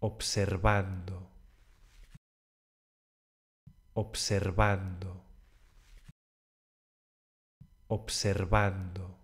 observando, observando, observando.